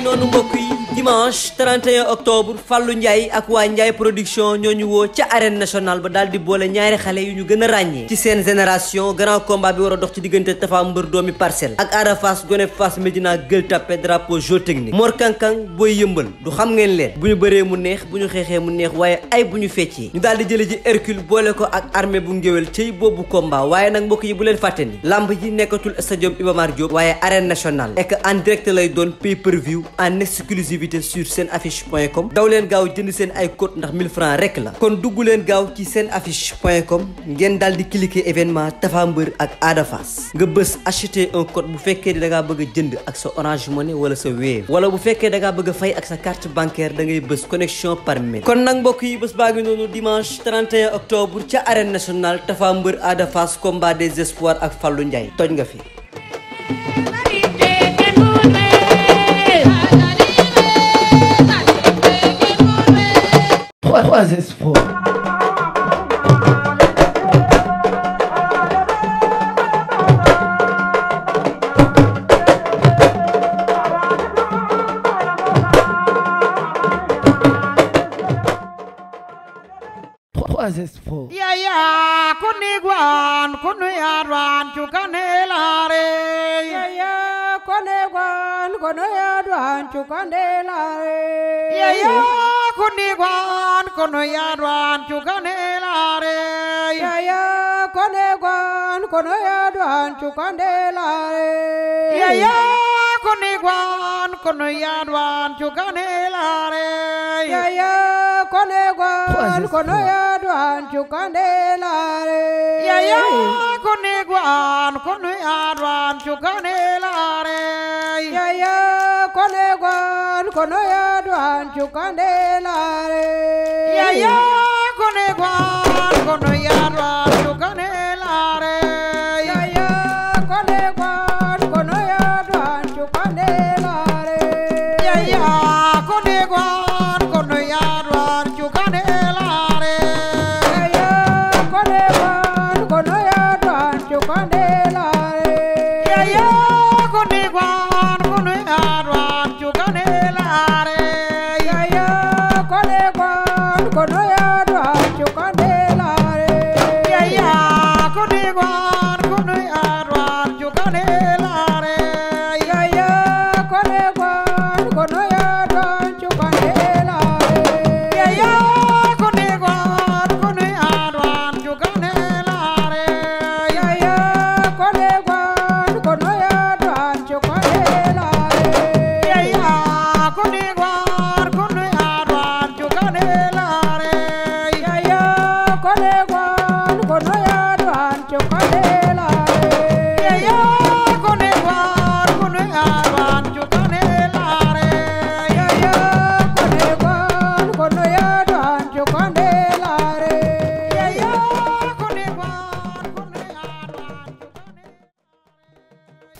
ngi noonu mbokk yi dimanche 31 octobre Fallou Ndiaye ak waa Ndiaye production ñoo ñu woo ca arène nationale ba daal di boole ñaari xale yu ñu gën a ràññee ci seen génération grand combat bi war a dox ci diggante Tapha Mbeur doomi parcelle ak Ada Fass gone Fass Médina Gueule Tapée drapeau jeu technique Mor Kankang booy yëmbal du xam ngeen leen bu ñu bëree mu neex bu ñu xeexee mu neex waaye ay bu ñu feccee ñu daal di jële ji Hercule boole ko ak armée bu ngéwél cey boobu combat waaye nag mbokk yi leen fàtte ni lamb ji nekkatul stadium Iba Mar Diop waaye arène nationale et que en lay doon pay activité sur seen affiche point com daw leen gaaw jënd seen ay code ndax 1000 francs rek la kon dugg leen gaaw ci seen affiche point com ngeen daal di cliquer événement Tapha Mbeur ak Ada nga bës acheter un code bu fekkee da ngaa bëgg jënd ak sa Orange Money wala sa Wave wala bu fekkee da ngaa bëgg a ak sa carte bancaire da ngay bës connexion par mail kon nag mbokk yi bés baa ngi noonu dimanche 31 octobre ca arène nationale Tapha mbër Ada Fass combat des espoirs ak Fallou Ndiaye nga fi what was this for? yaya kunigwan kunuyarwan cukanelare yaya kunigwan kunuyarwan cukanelare yaya kunigwan kono yaadwan cukane laare yaya kone gwan kono yaadwan cukande laare yaya kone gwan kono yaadwan cukane laare yaya kone gwan kono yaadwan cukande laare yaya kone gwan kono yaadwan cukane laare yaya konegon kono yadwan cukandelare yaya konegon kono yadwan cukane alegon kono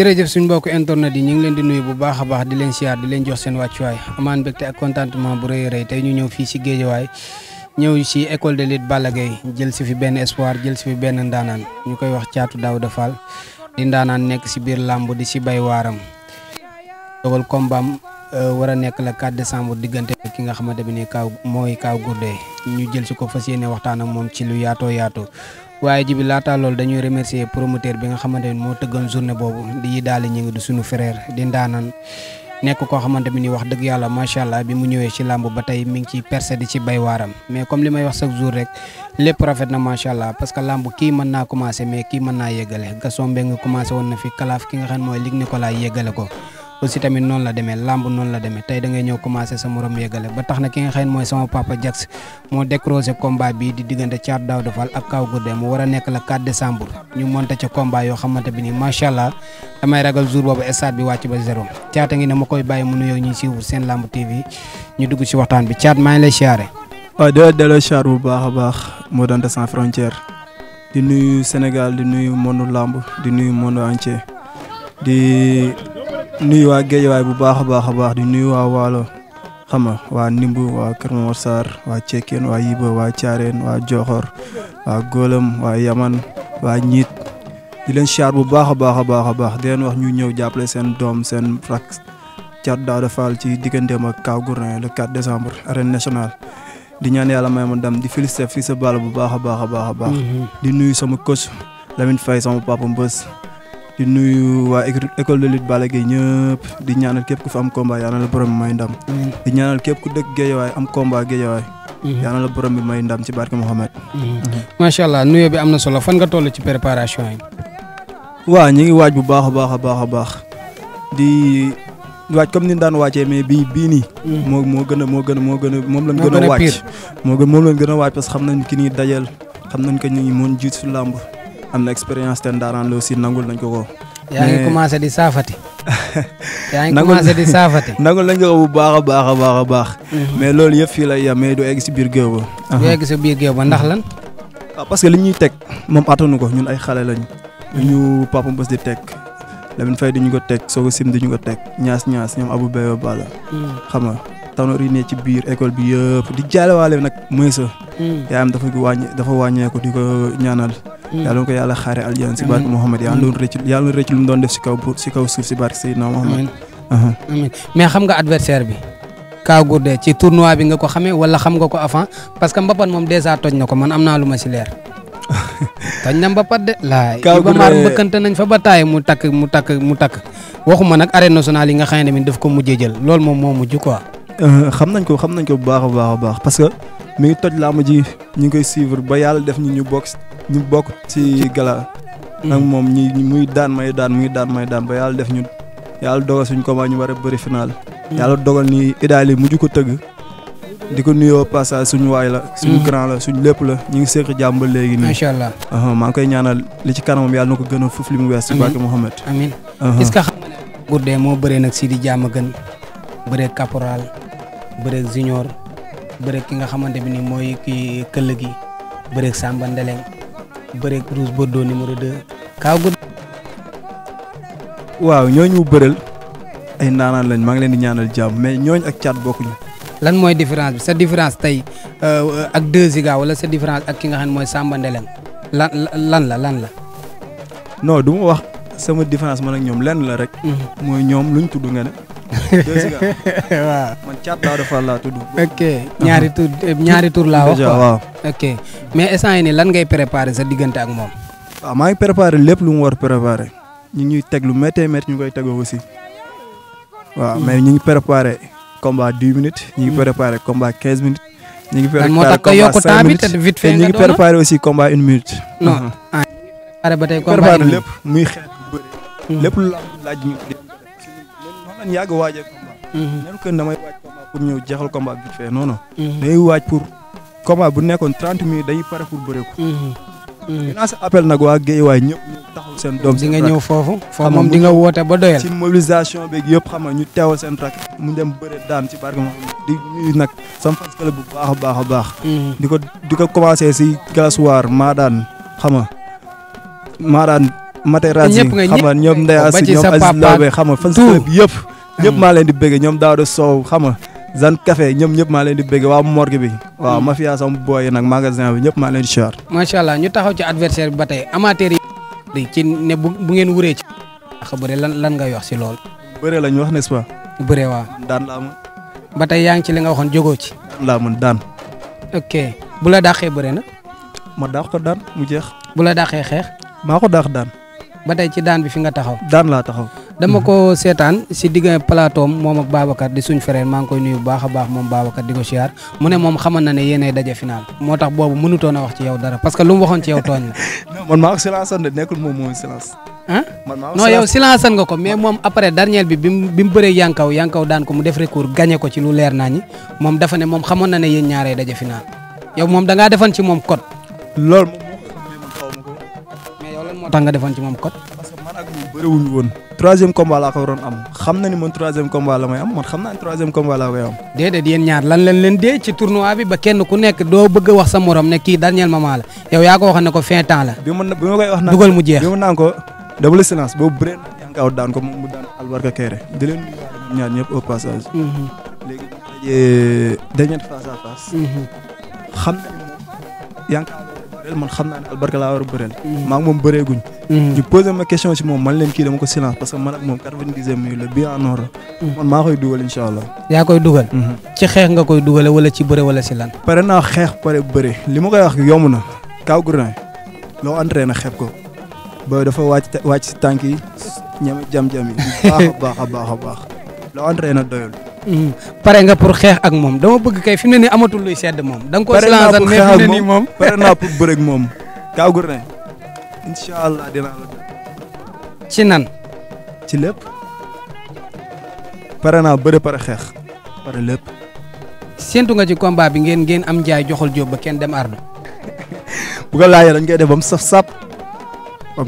jërëjëf suñ mbokk internet yi ñu ngi leen di nuyu bu baax baax di leen siyaar di leen jox seen wàccuwaay amaan mbégte ak contentement bu rëy a rëy tey ñu ñëw fii si géejawaay ñëw si école de lutte Balla Gaye jël si fi benn espoir jël si fi benn ndaanaan ñu koy wax caatu Daouda Fall di ndaanaan nekk si biir làmb di si bay waaram dogal kombaam euh, war a nekk la 4 décembre diggante ki nga xamante bi ni kaaw mooy kaaw gurde ñu jël si ko fa yéene waxtaan ak moom ci lu yaatoo yaatoo waaye jibi laataa loolu dañuy remercier promoteur bi nga xamante ne moo tëggoon journée boobu di daal ñu ngi du suñu frère di ndaanan nekk koo xamante ni wax dëgg yàlla macha allah bi mu ñëwee ci làmb ba tey mi ngi ciy percé di ci bay waaram mais comme li may wax chaque jour rek lépp rafet na macha allah parce que làmb kii mën naa commencé mais kii mën naa yeggale Gaston Mbengue nga commencé woon na fi kalaaf ki nga xam mooy ko Nicolaï yeggale ko. aussi tamit noonu la demee làmb noonu la demee tey da ñëw commencé sa morom yeggale ba tax na ki nga xam ne mooy sama papa Jax moo décroché combat bii di diggante Thiatou Daouda Fall ak Kaw Gourdin mu war a nekk la 4 décembre ñu monté ca combat yoo xamante bi nii macha allah damay ragal jour boobu stade bi wàcc ba zéro Thiatou ngi ne ma koy bàyyi mu nuyoo ñu suivre seen làmb TV ñu dugg ci waxtaan bi Thiatou maa ngi lay siyaare. waaw di la delloo bu baax a baax moo doon sans frontière di nuyu Sénégal di nuyu monde làmb di nuyu monde di. nuyu waa Géejawaay bu baax a baax a baax di nuyu waa Waalo xam nga waa Ndimbu waa Kër Momar Sarr waa Cekkeen waa Yiba waa Caareen waa Joxor waa Góolam waa Yaman waa Ñiit di leen char bu baax a baax a baax a baax di leen wax ñu ñëw jàppale seen doom seen rak Thiat Daouda Fall ci digganteem ak Kaw le 4 décembre arène nationale di ñaan yàlla may ma dam di félicité fii sa ball bu baax a baax a baax a baax mm-hmm. di nuyu sama coach Lamine Faye sama papa Mbës di nuyu waa école de lutte Balla Gaye ñëpp di ñaanal képp ku fi am combat yaa na la borom bi may ndam. am combat géejawaay. Mhm. yaa na la borom bi may ndam ci barke Mouhamed. macha mhm. mhm. allah nuyoo bi am na solo fan nga toll ci préparation yi. waaw ñu ngi waaj bu baax a baax a baax a baax di waaj comme ni daan wàccee mais bii bii nii. moo moo gën moo gën moo gën moom la gën a wàcc moo gën moom lañ gën a wàcc parce que xam nañ ki ñuy dajal xam nañ que ñu ngi mën jiit su làmb am na expérience te ndaaraan la aussi nangul nañ ko ko. yaa ngi commencé di saafati. yaa ngi commencé di saafati. nangul nañ ko ko bu baax a baax a baax a baax. Mhm. mais loolu yëpp fii lay yem mais du egg si biir géew ba. du egg si géew ba ndax lan. waaw ah, parce que li ñuy teg moom attanu ko ñun ay xale lañ. Mhm. ñu papa mbës di teg. Lamine Faye di ñu ko teg Sogo Sim di ñu ko teg ñaas ñaas ñoom Abou ba Bala. Mhm. xam nga tanoor yi ci biir école bi yëpp di jaalewaale nag mooy sa. yaayam dafa wàññi dafa wàññeeku di ko ñaanal. yàlla na ko yàlla xaare aljana si barke Mouhamed yàlla doon rëcc yàlla mu doon def si kaw si kaw suuf si barke Seydina Mouhamed amiin mais xam nga adversaire bi Kaw de ci tournoi bi nga ko xamee wala xam nga ko avant parce que mbapat moom dèjà toj na ko man am naa lu ma si leer toj na mbapat de laay Iba Mar nañ fa ba taay mu takk mu takk mu takk waxuma nag arène nationale yi nga xam ne daf ko mujjee jël loolu moom moo mujj quoi xam nañ ko xam nañ ko bu baax a a baax parce que mi ngi toj laa ji ñu ngi koy suivre ba yàlla def ñu ñu box ñu bokk si gala nag mm. moom ñi muy daan may daan muy daan may daan ba yàlla def ñu yàlla dogal suñ combat ñu war a bëri final mm. yàlla dogal ni idaali mujj ko tëgg di ko nuyoo passage suñu waay la suñu mm. grand la suñu lépp la ñu ngi séq jàmm léegi nii macha allah maa ngi koy ñaana li ci kanamam yàlla na ko gën a fuf li mu wees ci barke Mouhamed amiin est-ce que xam nga ne moo bëree nag si di jàmm gën bëree caporal bëree junior bëree ki nga xamante bi ni mooy kii këll gi bëree Samba bëreeg Rouge Bordeaux numéro 2 Kaaw Gourdin. waaw ñooñu mu bëreel ay naanaan lañ maa ngi leen di ñaanal jàmm mais ñooñ ak caat bokkuñ lan mooy différence bi sa différence tey euh, ak 2 Ziga wala sa différence ak ki nga xam ne mooy Samba Ndelem lan lan la lan la. non du mu wax sama différence man ak ñoom lenn la rek. Mhm. mooy ñoom luñ tudd nga ne. 2 Ziga waaw. Thiat Daouda Fall laa tudd. ok ñaari tur ñaari tur laa wax. waaw ok mais instant yii lan ngay préparer sa diggante ak moom. waaw maa ngi préparer lépp lu mu war préparer ñu ngi ñuy teg lu méttee métti ñu koy tegoo aussi. waaw mais ñu ngi préparer combat 10 minutes. ñu ngi hmm. préparer combat 15 minutes. ñu ngi préparer combat 5 minutes vite fait ñu ngi préparer aussi combat une minute. non hmm. ah préparer ba tey muy xeet bu hmm. lu laaj ñu. man yàgg waajal damay pour ñëw jeexal combat bi fee non non. Mhm. pour combat bu nekkoon trente minutes dañuy pare pour bëre ko. Mhm. Mhm. dinaa sa appel nag waa Guédiawaye ñëpp ñu taxaw seen doom. di nga ñëw foofu foofu moom di nga woote ba doyal. ci mobilisation beeg yëpp xam nga ñu teewal seen rak mu dem bëre daan ci barke ma di nuyu nag sama fans bu baax a baax a baax. di ko di ko commencé si galaswaar maadaan xam nga maadaan materazi xam nga ñoom Ndeye Asi xam nga fans yëpp. ñëpp maa leen di bëgg ñoom Daouda Sow xam nga Zane Café ñoom ñëpp maa leen di bëgg waa morgue bi waaw mm. mafia sama booy nag magasin bi ñëpp maa leen di siwaar macha allah ñu taxaw ci adversaire bi ba tey amateur yi ci ne bu ngeen wuree ci ax bëre lan lan ngay wax si lool bëre lañ wax n'est-ce pas bëre waaw daan laa mën ba tey yaa ngi ci li nga waxoon jógoo ci daan laa mën daan bu la dàqee bëre na ma dàq ko daan mu jeex bu la dàqee xeex maa ko dàq daan ba tey ci daan bi fi nga taxaw daan laa taxaw dama ko seetaan si digga plateau moom ak Babacar di suñ frère maa ngi koy nuyu bu baax a baax moom Babacar di ko siyaar mu ne moom xamal na ne yéenay daje final moo tax boobu mënutoon a wax ci yow dara parce que lu mu waxoon ci yow tooñ la. non man maa ko silence de nekkul moom nga ko mais moom après dernier bi bi mu bi mu bëree yankaw yankaw daan ko mu def recours gagné ko ci lu leer naa ñi moom dafa ne moom xamoon na ne yéen ñaaree daje final yow moom da ngaa defoon ci moom code. loolu ko mais moo tax nga defoon ci moom code. bëriwuñu woon troisième combat laa ko waroon am xam na ni man troisième combat la may am man xam naa ne troisième combat laa koy am. déedéet ñaar lan leen leen dee ci tournoi bi ba kenn ku nekk doo bëgg a wax sa morom ne kii dernier moment la yow yaa ko waxoon ko fin la. bi mu naan ko boobu bëre yankaaw daan ko mu daan albarka kéré di leen nuyuwaale ñaar ñëpp passage. Mhm. léegi euh, dañuy daje dernière face bëreel man xam naa ne albarka laa war bëreel maa ngi moom bëreeguñ ñu posé ma question si moom man leen kii dama ko silence parce que man moom quatre-vingt-dixième minute koy dugal incha allah yaa koy dugal mhm. ci xeex nga koy dugale wala ci bëre wala si lan pare naa xeex pare bëre li ma koy wax yomb na Kaw Gourdin loo na xeeb ko booy dafa wàcc wàcc si tànk yi ñeme jam-jam baax a baax a baax loo baax na entraîné Hmm. pare nga pour xeex ak moom dama bëgg kay fi mu ne nii amatul luy sedd moom. da nga ko silansan mais moom pare naa pour bëre ak moom Kaw Gourdin incha allah dinaa la ci nan. ci lëpp pare naa bëre pare xeex pare lépp. séntu nga ci combat bi ngeen ngeen am njaay joxul jóob ba kenn dem ardu bu ko laajee dañ koy def ba mu saf sap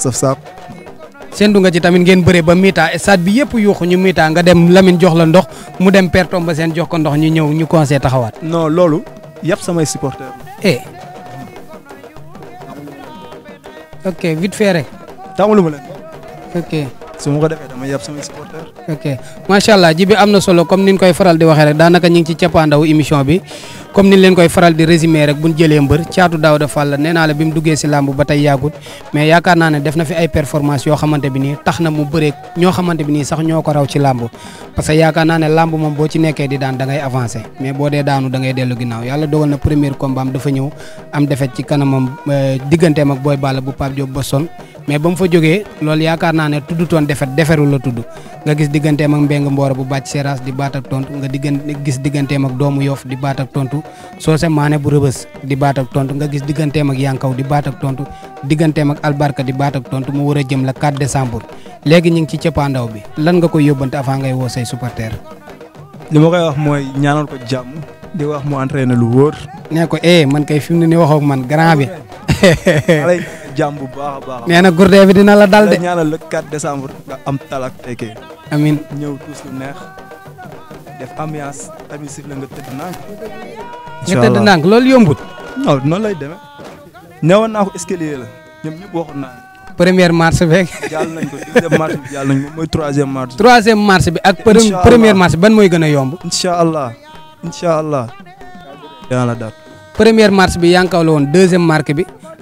saf sap. séntu nga ci tamit ngeen bëre ba miita stade bi yëpp yuuxu ñu miita nga dem Lamine jox la ndox mu dem Père ba seen jox ko ndox ñu ñëw ñu conseil taxawaat. no loolu yàpp samay supporteurs. eh. ok vite fait rek. tàmmaluma su ko defee dama yàpp samay supporteurs. ok macha allah ji am na solo comme ni ñu koy faral di waxee rek daanaka ñu ngi ci cappaandawu émission bi. comme ni leen koy faral di résumé rek buñ jëlee mbër caatu Daouda Fall la nee naa la bi mu duggee si làmb ba tey yàggut mais yaakaar naa ne def na fi ay performance yoo xamante bi nii tax na mu bëreeg ñoo xamante bi nii sax ñoo ko raw ci làmb parce que yaakaar naa ne làmb moom boo ci nekkee di daan da ngay avancé mais boo dee daanu da ngay dellu ginnaaw yàlla dogal na premier combat am dafa ñëw am defet ci kanamam euh, digganteem ak booy Balla bu Pape Diop Boston mais ba mu fa jógee loolu yaakaar naa ne tudd toon defet deferul la tudd nga gis digganteem ak mbeng mboora bu bàcc seeraas di baat ak tontu nga diggan gis digganteem ak doomu yof di baat ak tontu soose maane bu rëbës di baat ak tontu nga gis digganteem ak yankaw di baat ak tontu digganteem ak albarka di baat tontu mu war a jëm la 4 décembre léegi ñu ngi ci cëppaandaw bi lan nga koy yóbbante avant ngay woo say supporter li ma koy wax mooy ñaanal ko jàmm di wax mu entraîné lu wóor. nee ko eh, man kay fi mu ne nii man grand jàmm bu baax a baax. nee na gourdin bi dina la dal de. ñaanal le 4 décembre nga am talak tekkee. amin ñëw tuus lu neex def ambiance tamit sif la nga tëdd nànk. loolu yombut. non noonu lay demee. newoon naa ko escalier la ñoom ñëpp waxoon naa première marche beeg. jàll nañ ko deuxième bi mooy troisième marche. troisième marche bi ak. première marche ban mooy gën a yomb. incha allah incha allah. première marche bi yaa la woon deuxième marche bi.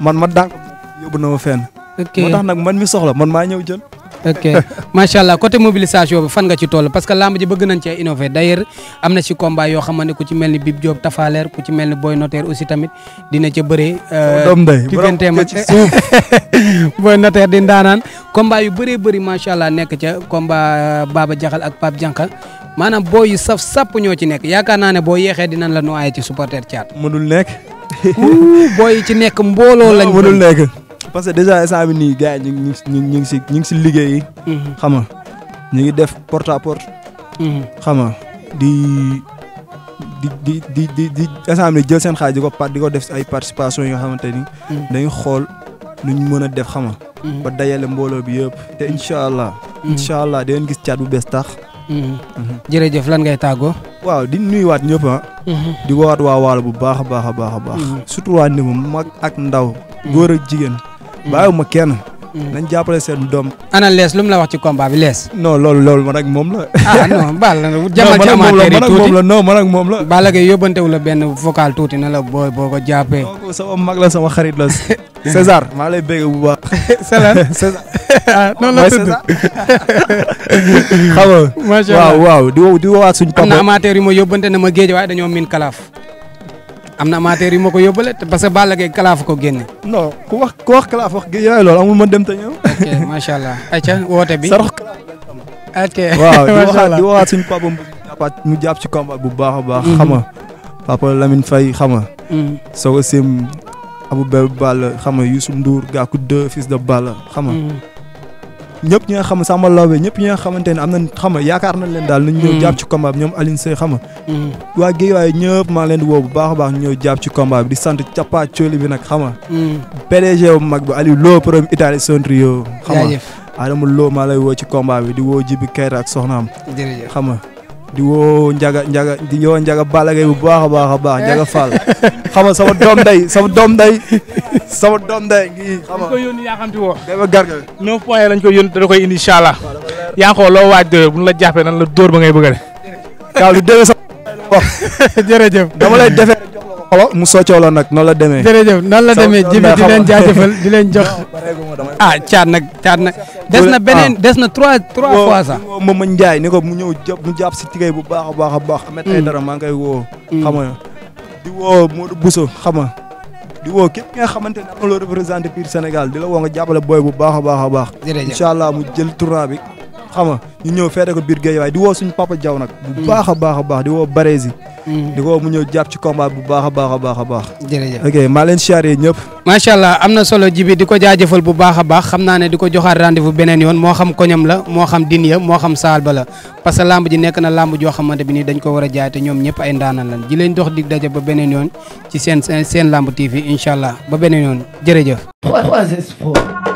man ma dànk yóbbu na ma fenn. nag man mi soxla man maa ñëw jël. ok macha allah côté mobilisation bi fan nga ci toll parce que lamb ji bëgg nañ cee innover d'ailleurs am na ci combat yoo xam ne ku ci mel ni Bib Diop Tafaleer ku ci mel ni Boy Notaire aussi tamit dina ca bëree. Euh, doom ndey digganteem ak Boy Notaire di ndaanaan combat yu bëree bëri macha allah nekk ca combat euh, Baba Jaxal ak Pape Janka maanaam boo yu saf sapp ñoo ci nekk yaakaar naa ne boo yeexee dinañ la noyyi ci supporter caat. mënul nekk. booy ci nekk mbooloo lañ. mënul nekk parce que déjà instant bi nii gars yi ñu ngi ñu ngi si ñu ngi si liggéey. Mhm. xam nga ñu ngi def porte à porte. Mhm. xam nga di di di di di di instant jël seen xaaj di ko part di ko def ay participation yi nga xamante ni. Mhm. dañuy xool nu ñu mën a def xam nga ba dajale mbooloo bi yëpp. te incha allah. incha allah dinañ gis caat bu bees tax. jërëjëf lan ngay tàggoo. waaw di nuyuwaat ñëpp ah. Mm-hmm. di woowaat waa waalo bu baax a baax a baax a baax. Mm-hmm. surtout waa Ndimbu mag ak ndaw. Mm-hmm. góor ak jigéen. ma kenn. nañ jàppale seen doom. ana lees lu mu la wax ci combat bi lees. non loolu loolu man ak moom la. ah non baal na jamal ci amateur yi tuuti moom la Balla Gaye yóbbantewu la benn vocal tuuti na la boo boo ko jàppee. sama mag la sama xarit la César maa lay bégg bu baax. César César. ah noonu la tudd xam nga. macha allah waaw waaw di wo di woowaat suñu papa. am na amateur yu ma yóbbante na ma géej waaye dañoo miin kalaaf. am na amateur yu ma ko parce que Balla Gaye kalaaf ko génne. non ku wax ku wax kalaaf yaay loolu amul ma dem te allah. ayca woote bi sarax ok waaw di waxaat di waxaat suñu mu jàpp ci combat bu baax a baax. Mhm. xam nga papa Lamine Faye xam nga. Mhm. Sim Abou Bébé Balla xam nga Youssou Ndour Gakou 2 fils de Balla xam mhm. ñëpp ñi nga xam sama lawbe ñëpp ñi nga xamante ne am na xam yaakaar nañ leen daal nañ ñëw mm. jàpp ci combat bi ñoom Alioune Seye xam mm. waa géej waaye ñëpp maa leen di woo bu baax a baax ñu ñëw jàpp ci combat bi di sant cappa cooli bi nag xam mm. PDG bu mag bi Aliou Lo premier Italie Sontrio xam Adama loo maa lay woo ci combat bi di woo Jibi Keita ak soxnaam xam nga di woo Ndiaga Ndiaga di woo Ndiaga Balla Gaye bu baax a baax a baax Ndiaga Fall xam nga sama doom day sama doom day sama doom day ngi xam yoon ko yónni yaa xam te woo dama garga 9 point lañ ko yónni da koy indi ko loo waaj doyoo bu ñu la jàppee nan la dóor ba ngay bëgg a de kaaw lu déwee sama wax jërëjëf dama lay defee xolo mu soccoo la nag noonu la demee. jërëjëf noonu la demee jibi di leen jaajëfal di leen jox. ah caat nag caat nag. des na ah. beneen des na trois trois fois sax. woo Mama Ndiaye ni ko mu ñëw mu jàpp si tigay bu baax a baax a baax. amet na mm. dara maa ngi koy woo. Mm. xam nga di woo Modou Bousso xam nga di woo képp xamante ne am na loo représenté biir Sénégal di la woo nga jàppale booy bu baax a baax a baax. jërëjëf incha allah mu jël tournoi bi. xam nga ñu ñëw feete ko biir géej waaye di woo suñu papa jaw nag. bu baax a baax a baax di woo Barési. Mm-hmm. di ko mu ñëw jàpp ci combat bu baax a baax a baax a baax. jërëjëf ok maa leen siyaaree ñëpp. macha allah am na solo ji bi di ko jaajëfal bu baax a baax xam naa ne di ko joxaat rendez-vous beneen yoon moo xam koñam la moo xam din ya moo xam saal la parce que lamb ji nekk na làmb joo xamante bi nii dañ ko war a jaay te ñoom ñëpp ay ndaanaan lan ji leen dox dig daje ba beneen yoon ci seen seen lamb TV incha allah ba beneen yoon jërëjëf.